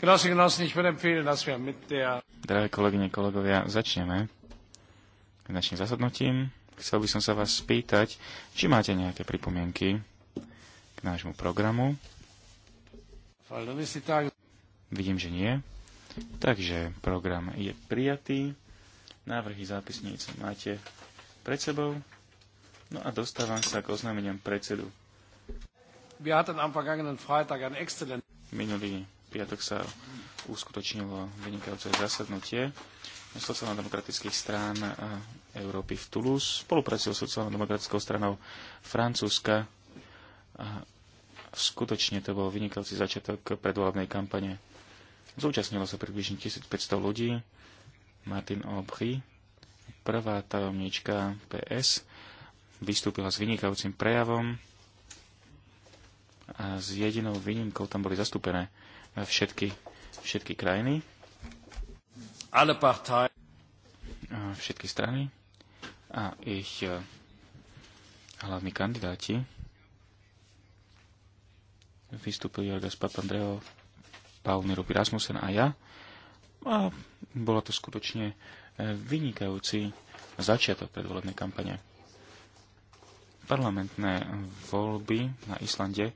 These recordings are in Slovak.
Drahé kolegyne, kolegovia, začneme. Našim zasadnutím chcel by som sa vás spýtať, či máte nejaké pripomienky k nášmu programu. Vidím, že nie. Takže program je prijatý. Návrhy zápisníc máte pred sebou. No a dostávam sa k oznámeniam predsedu. Minulý piatok sa uskutočnilo vynikajúce zasadnutie sociálno-demokratických strán eh, Európy v Toulouse. s sociálno-demokratickou stranou Francúzska. A skutočne to bol vynikajúci začiatok predvolebnej kampane. Zúčastnilo sa približne 1500 ľudí. Martin Aubry, prvá tajomnička PS, vystúpila s vynikajúcim prejavom a s jedinou výnimkou tam boli zastúpené všetky, všetky krajiny. Alle Všetky strany a ich e, hlavní kandidáti vystúpili Jorgas Papandreou, Paul Nirupi Rasmussen a ja. A bolo to skutočne e, vynikajúci začiatok predvolebnej kampane. Parlamentné voľby na Islande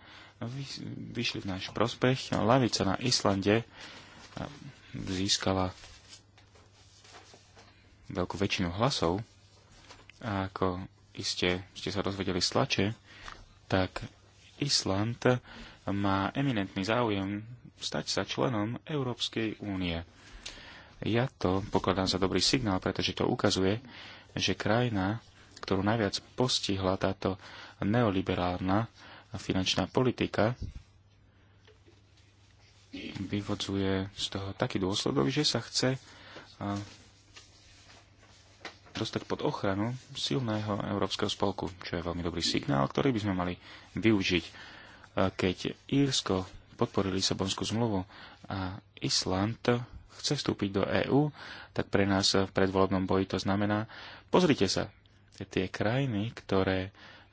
vyšli v náš prospech. Lavica na Islande eh, získala veľkú väčšinu hlasov a ako iste ste sa dozvedeli z tlače, tak Island má eminentný záujem stať sa členom Európskej únie. Ja to pokladám za dobrý signál, pretože to ukazuje, že krajina, ktorú najviac postihla táto neoliberálna finančná politika vyvodzuje z toho taký dôsledok, že sa chce dostať pod ochranu silného Európskeho spolku, čo je veľmi dobrý signál, ktorý by sme mali využiť. Keď Írsko podporí Lisabonskú zmluvu a Island chce vstúpiť do EÚ, tak pre nás v predvolebnom boji to znamená, pozrite sa, tie krajiny, ktoré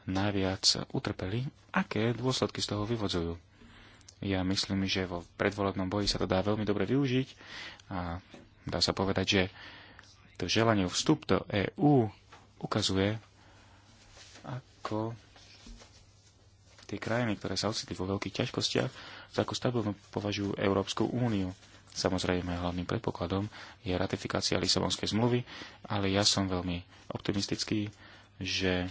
najviac utrpeli, aké dôsledky z toho vyvodzujú. Ja myslím, že vo predvolebnom boji sa to dá veľmi dobre využiť a dá sa povedať, že to želanie vstup do EÚ ukazuje, ako tie krajiny, ktoré sa ocitli vo veľkých ťažkostiach, za ako stabilnú považujú Európsku úniu. Samozrejme, hlavným predpokladom je ratifikácia Lisabonskej zmluvy, ale ja som veľmi optimistický, že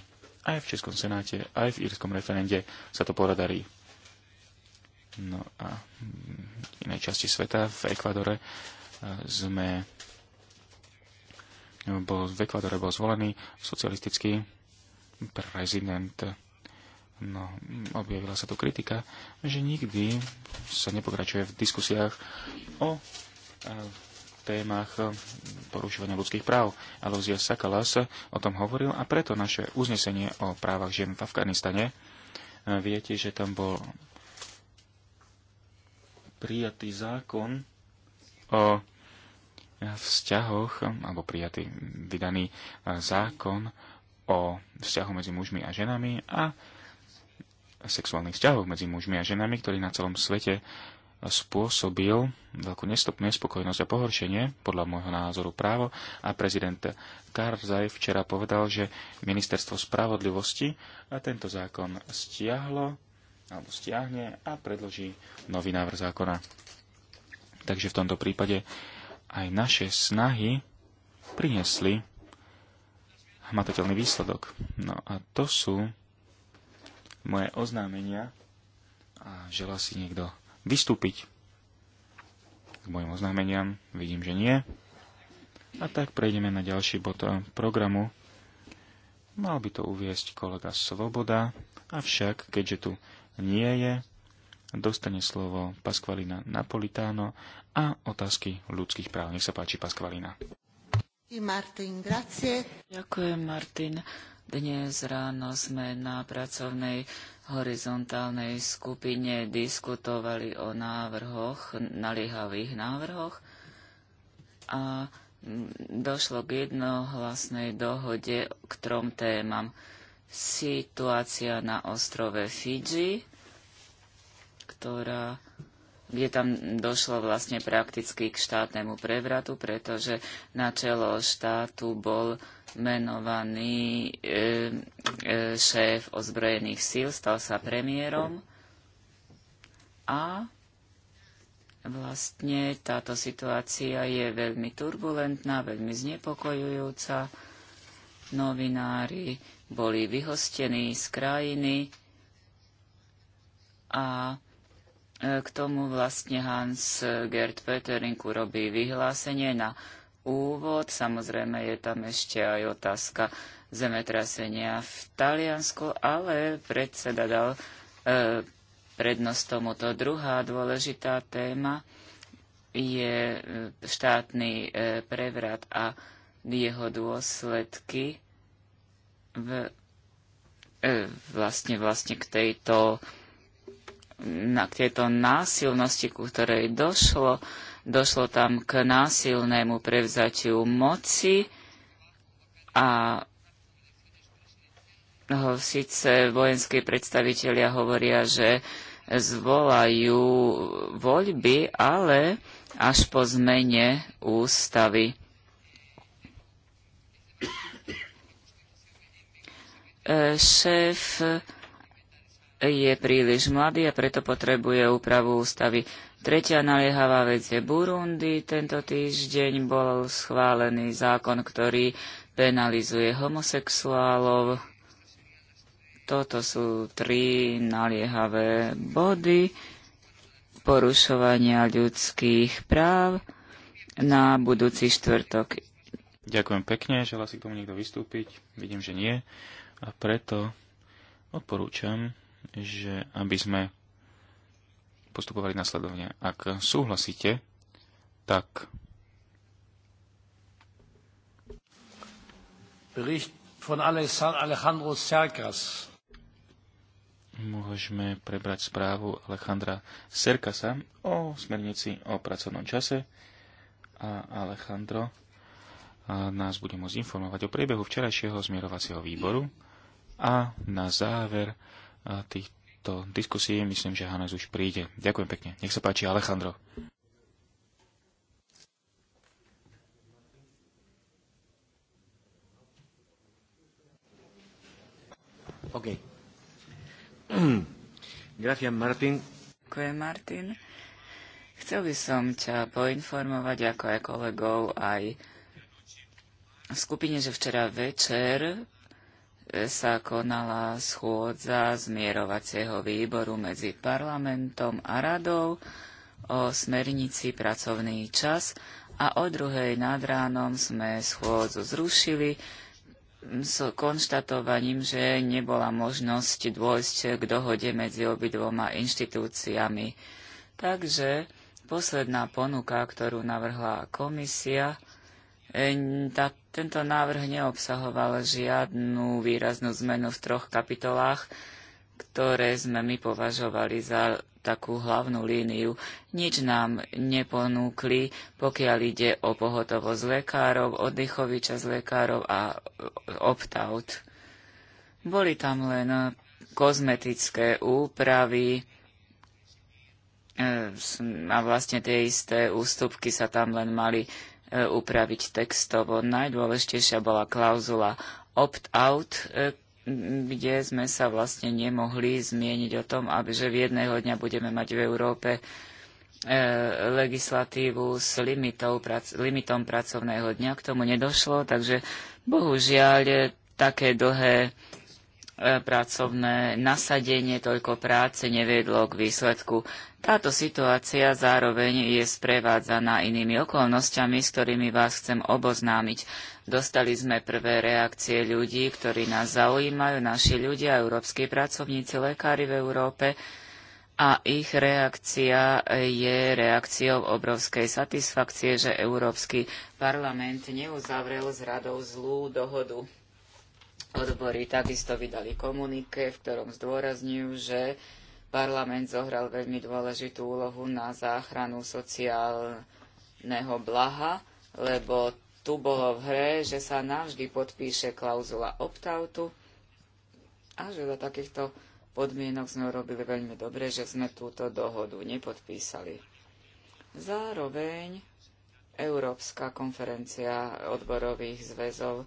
aj v Českom senáte, aj v írskom referende sa to poradarí. No a v inej časti sveta, v Ekvadore, e, sme bol, v Ekvadore bol zvolený socialistický prezident. No, objavila sa tu kritika, že nikdy sa nepokračuje v diskusiách o e, témach eh, porušovania ľudských práv. Alozia Sakalas o tom hovoril a preto naše uznesenie o právach žien v Afganistane. Eh, viete, že tam bol prijatý zákon o vzťahoch, alebo prijatý, vydaný eh, zákon o vzťahu medzi mužmi a ženami a sexuálnych vzťahov medzi mužmi a ženami, ktorý na celom svete spôsobil veľkú nespokojnosť a pohoršenie, podľa môjho názoru právo, a prezident Karzaj včera povedal, že ministerstvo spravodlivosti a tento zákon stiahlo, alebo stiahne a predloží nový návrh zákona. Takže v tomto prípade aj naše snahy priniesli hmatateľný výsledok. No a to sú moje oznámenia a želá si niekto vystúpiť? K mojim oznámeniam vidím, že nie. A tak prejdeme na ďalší bod programu. Mal by to uviesť kolega Svoboda, avšak keďže tu nie je, dostane slovo Paskvalina Napolitáno a otázky ľudských práv. Nech sa páči, Paskvalina. Martin, grazie. Ďakujem, Martin. Dnes ráno sme na pracovnej horizontálnej skupine diskutovali o návrhoch, naliehavých návrhoch a došlo k jednohlasnej dohode k trom témam. Situácia na ostrove Fidži, ktorá kde tam došlo vlastne prakticky k štátnemu prevratu, pretože na čelo štátu bol menovaný e, e, šéf ozbrojených síl, stal sa premiérom a vlastne táto situácia je veľmi turbulentná, veľmi znepokojujúca. Novinári boli vyhostení z krajiny a e, k tomu vlastne Hans Gerd Pöttering urobí vyhlásenie na úvod. Samozrejme je tam ešte aj otázka zemetrasenia v Taliansku, ale predseda dal e, prednosť tomuto. Druhá dôležitá téma je e, štátny e, prevrat a jeho dôsledky v, e, vlastne, vlastne k tejto na k tejto násilnosti, ku ktorej došlo Došlo tam k násilnému prevzatiu moci a síce vojenskí predstavitelia hovoria, že zvolajú voľby, ale až po zmene ústavy. Šéf je príliš mladý a preto potrebuje úpravu ústavy. Tretia naliehavá vec je Burundi. Tento týždeň bol schválený zákon, ktorý penalizuje homosexuálov. Toto sú tri naliehavé body porušovania ľudských práv na budúci štvrtok. Ďakujem pekne, želá si k tomu niekto vystúpiť. Vidím, že nie. A preto odporúčam že aby sme postupovali nasledovne. Ak súhlasíte, tak Bericht von Alejandro Serkas. Môžeme prebrať správu Alejandra Serkasa o smernici o pracovnom čase a Alejandro nás bude môcť informovať o priebehu včerajšieho zmierovacieho výboru a na záver týchto diskusí. Myslím, že Hanes už príde. Ďakujem pekne. Nech sa páči, Alejandro. OK. Gracias, Martin. Ďakujem, Martin. Chcel by som ťa poinformovať, ako aj kolegov, aj v skupine, že včera večer sa konala schôdza zmierovacieho výboru medzi parlamentom a radou o smernici pracovný čas a o druhej nad ránom sme schôdzu zrušili s konštatovaním, že nebola možnosť dôjsť k dohode medzi obidvoma inštitúciami. Takže posledná ponuka, ktorú navrhla komisia, Ehm, tento návrh neobsahoval žiadnu výraznú zmenu v troch kapitolách, ktoré sme my považovali za takú hlavnú líniu. Nič nám neponúkli, pokiaľ ide o pohotovosť lekárov, oddychový čas lekárov a opt-out. Boli tam len kozmetické úpravy ehm, a vlastne tie isté ústupky sa tam len mali E, upraviť textovo. Najdôležitejšia bola klauzula opt-out, e, kde sme sa vlastne nemohli zmieniť o tom, aby že v jedného dňa budeme mať v Európe e, legislatívu s limitou, limitom pracovného dňa. K tomu nedošlo, takže bohužiaľ také dlhé pracovné nasadenie, toľko práce neviedlo k výsledku. Táto situácia zároveň je sprevádzaná inými okolnosťami, s ktorými vás chcem oboznámiť. Dostali sme prvé reakcie ľudí, ktorí nás zaujímajú, naši ľudia, európsky pracovníci, lekári v Európe, a ich reakcia je reakciou obrovskej satisfakcie, že Európsky parlament neuzavrel s radou zlú dohodu. Odbory takisto vydali komunike, v ktorom zdôrazňujú, že Parlament zohral veľmi dôležitú úlohu na záchranu sociálneho blaha, lebo tu bolo v hre, že sa navždy podpíše klauzula opt-outu a že za takýchto podmienok sme urobili veľmi dobre, že sme túto dohodu nepodpísali. Zároveň Európska konferencia odborových zväzov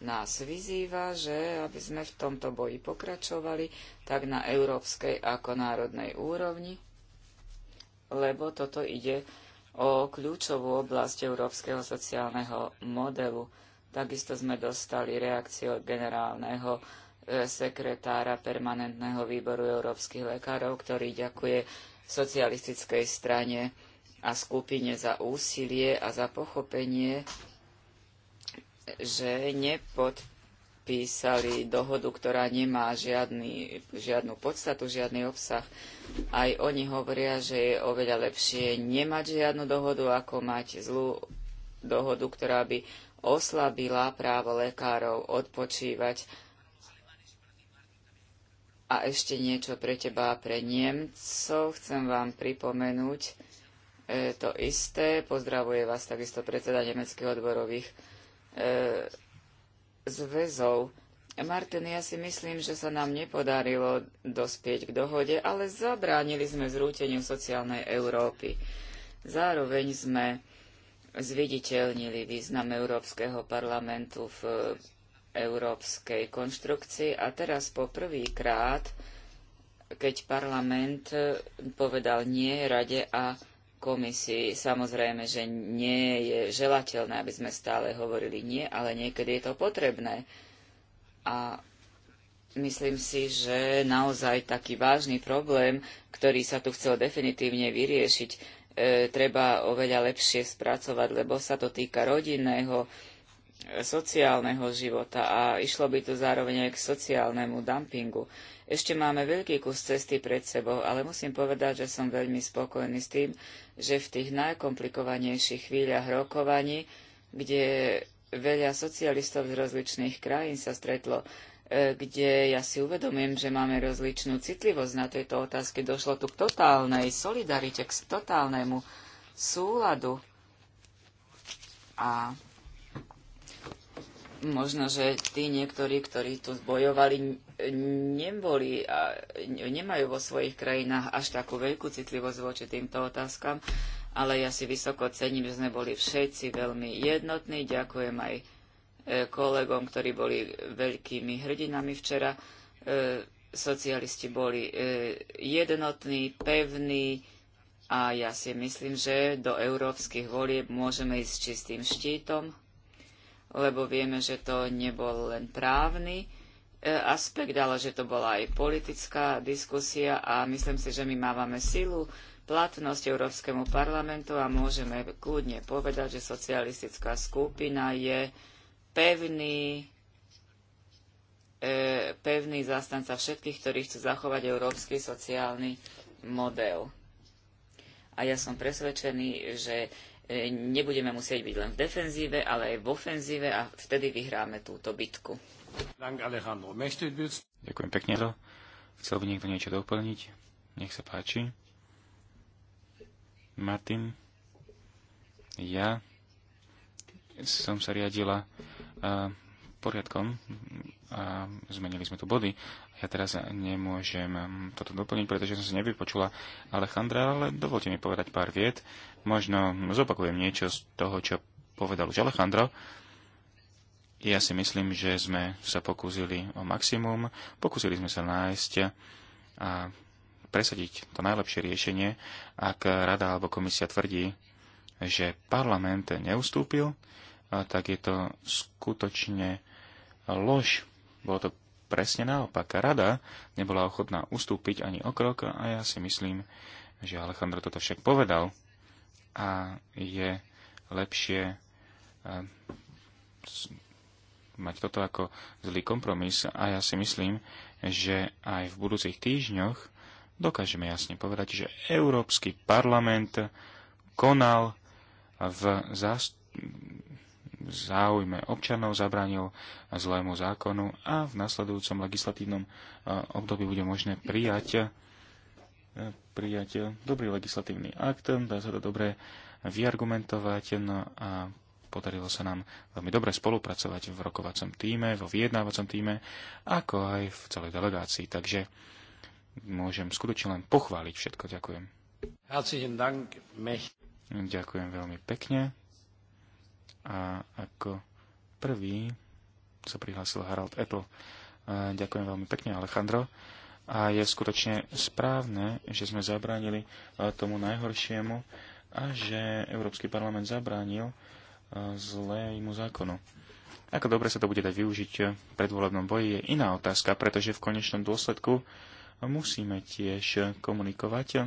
nás vyzýva, že aby sme v tomto boji pokračovali, tak na európskej ako národnej úrovni, lebo toto ide o kľúčovú oblasť európskeho sociálneho modelu. Takisto sme dostali reakciu od generálneho e, sekretára permanentného výboru európskych lekárov, ktorý ďakuje socialistickej strane a skupine za úsilie a za pochopenie že nepodpísali dohodu, ktorá nemá žiadny, žiadnu podstatu, žiadny obsah. Aj oni hovoria, že je oveľa lepšie nemať žiadnu dohodu, ako mať zlú dohodu, ktorá by oslabila právo lekárov odpočívať. A ešte niečo pre teba a pre Nemcov. Chcem vám pripomenúť e, to isté. Pozdravuje vás takisto predseda Nemeckých odborových E, zväzov. Martin, ja si myslím, že sa nám nepodarilo dospieť k dohode, ale zabránili sme zrúteniu sociálnej Európy. Zároveň sme zviditeľnili význam Európskeho parlamentu v európskej konštrukcii a teraz po prvý krát, keď parlament povedal nie rade a komisii. Samozrejme, že nie je želateľné, aby sme stále hovorili nie, ale niekedy je to potrebné. A myslím si, že naozaj taký vážny problém, ktorý sa tu chcel definitívne vyriešiť, e, treba oveľa lepšie spracovať, lebo sa to týka rodinného, e, sociálneho života a išlo by tu zároveň aj k sociálnemu dumpingu. Ešte máme veľký kus cesty pred sebou, ale musím povedať, že som veľmi spokojný s tým, že v tých najkomplikovanejších chvíľach rokovaní, kde veľa socialistov z rozličných krajín sa stretlo, e, kde ja si uvedomím, že máme rozličnú citlivosť na tejto otázky. Došlo tu k totálnej solidarite, k totálnemu súladu. A možno, že tí niektorí, ktorí tu bojovali, neboli a nemajú vo svojich krajinách až takú veľkú citlivosť voči týmto otázkam, ale ja si vysoko cením, že sme boli všetci veľmi jednotní. Ďakujem aj e, kolegom, ktorí boli veľkými hrdinami včera. E, socialisti boli e, jednotní, pevní a ja si myslím, že do európskych volieb môžeme ísť s čistým štítom lebo vieme, že to nebol len právny e, aspekt, ale že to bola aj politická diskusia a myslím si, že my máme silu, platnosť Európskemu parlamentu a môžeme kľudne povedať, že socialistická skupina je pevný, e, pevný zastanca všetkých, ktorí chcú zachovať európsky sociálny model. A ja som presvedčený, že E, nebudeme musieť byť len v defenzíve, ale aj v ofenzíve a vtedy vyhráme túto bitku. Ďakujem pekne. Chcel by niekto niečo doplniť? Nech sa páči. Martin, ja som sa riadila poriadkom a zmenili sme tu body, ja teraz nemôžem toto doplniť, pretože som si nevypočula Alejandra, ale dovolte mi povedať pár viet. Možno zopakujem niečo z toho, čo povedal už Alejandro. Ja si myslím, že sme sa pokúsili o maximum, pokúsili sme sa nájsť a presadiť to najlepšie riešenie, ak rada alebo komisia tvrdí, že parlament neustúpil, tak je to skutočne lož. Bolo to presne naopak. Rada nebola ochotná ustúpiť ani o krok a ja si myslím, že Alejandro toto však povedal a je lepšie eh, mať toto ako zlý kompromis a ja si myslím, že aj v budúcich týždňoch dokážeme jasne povedať, že Európsky parlament konal v zástupnosti záujme občanov zabránil zlému zákonu a v nasledujúcom legislatívnom období bude možné prijať, prijať dobrý legislatívny akt, dá sa to dobre vyargumentovať no a podarilo sa nám veľmi dobre spolupracovať v rokovacom týme, vo vyjednávacom týme, ako aj v celej delegácii. Takže môžem skutočne len pochváliť všetko. Ďakujem. Ďakujem veľmi pekne. A ako prvý sa prihlásil Harald Apple. Ďakujem veľmi pekne, Alejandro. A je skutočne správne, že sme zabránili tomu najhoršiemu a že Európsky parlament zabránil zlému zákonu. Ako dobre sa to bude dať využiť v predvolebnom boji je iná otázka, pretože v konečnom dôsledku musíme tiež komunikovať,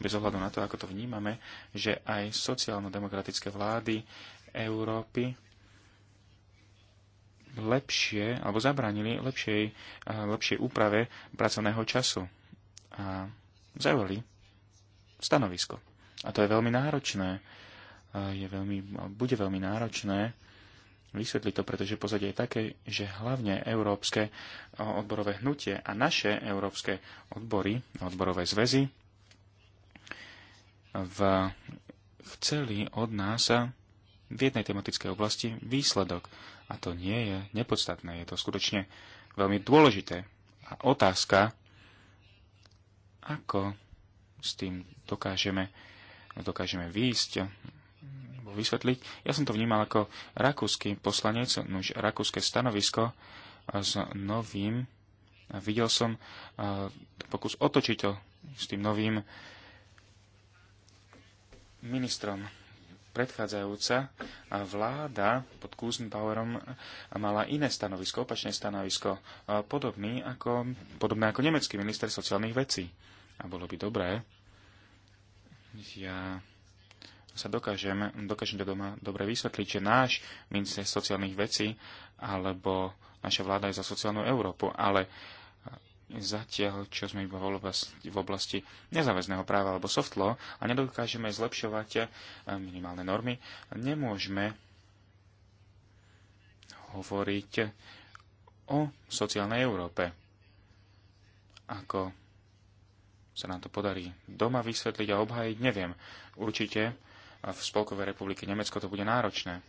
bez ohľadu na to, ako to vnímame, že aj sociálno-demokratické vlády Európy lepšie, alebo zabránili lepšej, lepšej úprave pracovného času a zaujali stanovisko. A to je veľmi náročné. Je veľmi, bude veľmi náročné vysvetliť to, pretože pozadie je také, že hlavne európske odborové hnutie a naše európske odbory, odborové zväzy v, chceli od nás v jednej tematickej oblasti výsledok. A to nie je nepodstatné, je to skutočne veľmi dôležité. A otázka, ako s tým dokážeme, dokážeme výjsť, vysvetliť. Ja som to vnímal ako rakúsky poslanec, nuž rakúske stanovisko s novým, videl som pokus otočiť to s tým novým ministrom predchádzajúca vláda pod Kusenbauerom mala iné stanovisko, opačné stanovisko, podobný ako, podobné ako nemecký minister sociálnych vecí. A bolo by dobré, ja sa dokážem, dokážem to doma dobre vysvetliť, že náš minister sociálnych vecí alebo naša vláda je za sociálnu Európu, ale uh, zatiaľ, čo sme iba v oblasti nezáväzného práva alebo soft law a nedokážeme zlepšovať eh, minimálne normy, nemôžeme hovoriť o sociálnej Európe. Ako sa nám to podarí doma vysvetliť a obhajiť, neviem. Určite v Spolkovej republike Nemecko to bude náročné.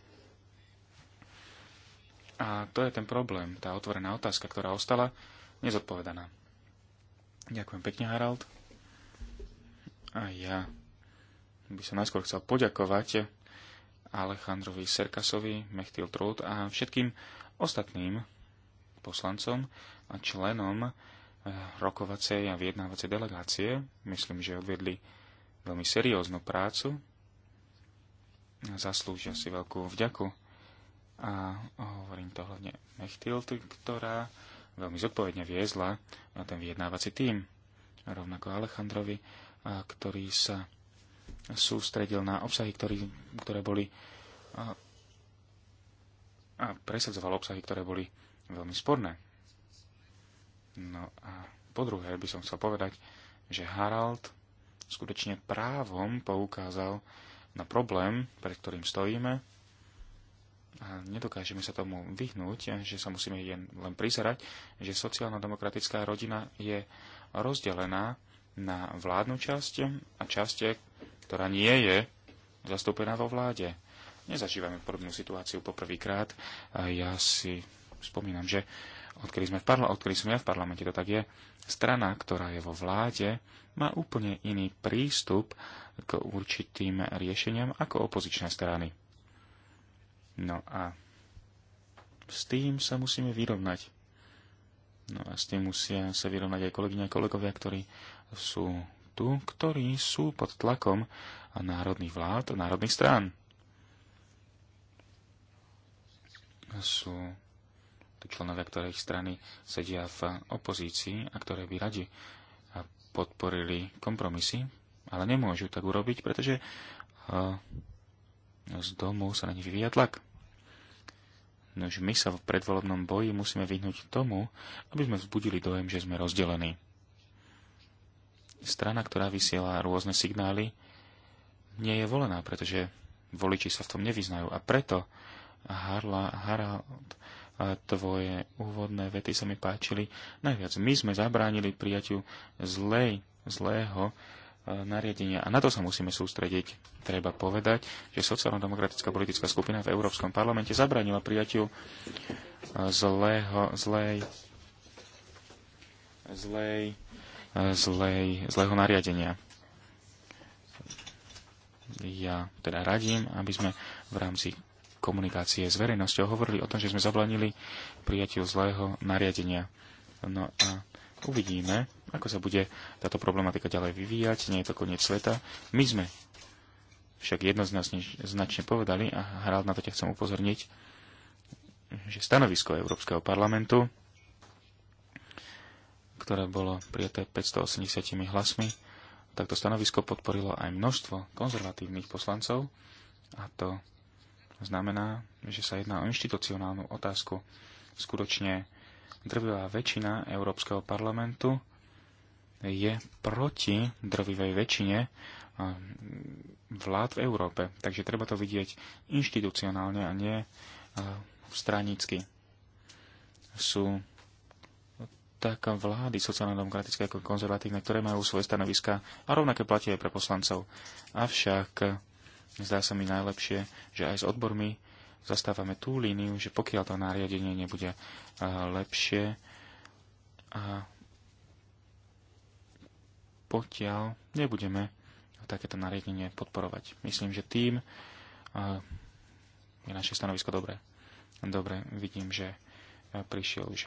A to je ten problém, tá otvorená otázka, ktorá ostala, nezodpovedaná. Ďakujem pekne, Harald. A ja by som najskôr chcel poďakovať Alejandrovi Serkasovi, Mechtil Trout a všetkým ostatným poslancom a členom eh, rokovacej a vyjednávacej delegácie. Myslím, že odvedli veľmi serióznu prácu. Zaslúžia si veľkú vďaku. A hovorím to hlavne Mechtil, ktorá veľmi zodpovedne viezla na ten vyjednávací tím, rovnako Alejandrovi, ktorý sa sústredil na obsahy, ktorý, ktoré boli a, a presadzoval obsahy, ktoré boli veľmi sporné. No a po druhé by som chcel povedať, že Harald skutočne právom poukázal na problém, pred ktorým stojíme, a nedokážeme sa tomu vyhnúť, že sa musíme len prizerať, že sociálno-demokratická rodina je rozdelená na vládnu časť a časť, ktorá nie je zastúpená vo vláde. Nezažívame podobnú situáciu poprvýkrát. Ja si spomínam, že odkedy, sme v parla- odkedy som ja v parlamente, to tak je, strana, ktorá je vo vláde, má úplne iný prístup k určitým riešeniam ako opozičné strany No a s tým sa musíme vyrovnať. No a s tým musia sa vyrovnať aj kolegyne a kolegovia, ktorí sú tu, ktorí sú pod tlakom národných vlád, národných strán. Sú tu členovia, ktorých strany sedia v opozícii a ktoré by radi podporili kompromisy, ale nemôžu tak urobiť, pretože eh, z domu sa na nich vyvíja tlak. Nož my sa v predvolebnom boji musíme vyhnúť tomu, aby sme vzbudili dojem, že sme rozdelení. Strana, ktorá vysiela rôzne signály, nie je volená, pretože voliči sa v tom nevyznajú. A preto Harla, Harald, tvoje úvodné vety sa mi páčili najviac. My sme zabránili prijaťu zlej, zlého E, nariadenia. A na to sa musíme sústrediť. Treba povedať, že sociálno-demokratická politická skupina v Európskom parlamente zabranila prijatiu e, zlého, zlej, zlej, e, zlej, zlého nariadenia. Ja teda radím, aby sme v rámci komunikácie s verejnosťou hovorili o tom, že sme zablanili prijatiu zlého nariadenia. No a Uvidíme, ako sa bude táto problematika ďalej vyvíjať. Nie je to koniec sveta. My sme však jednoznačne značne povedali a hral na to ťa chcem upozorniť, že stanovisko Európskeho parlamentu, ktoré bolo prijaté 580 hlasmi, takto stanovisko podporilo aj množstvo konzervatívnych poslancov a to znamená, že sa jedná o inštitucionálnu otázku. Skutočne drvivá väčšina Európskeho parlamentu je proti drvivej väčšine vlád v Európe. Takže treba to vidieť inštitucionálne a nie stranícky. Sú tak vlády sociálno-demokratické ako konzervatívne, ktoré majú svoje stanoviska a rovnaké platia aj pre poslancov. Avšak zdá sa mi najlepšie, že aj s odbormi zastávame tú líniu, že pokiaľ to nariadenie nebude eh, lepšie a pokiaľ nebudeme takéto nariadenie podporovať. Myslím, že tým eh, je naše stanovisko dobré. Dobre, vidím, že eh, prišiel už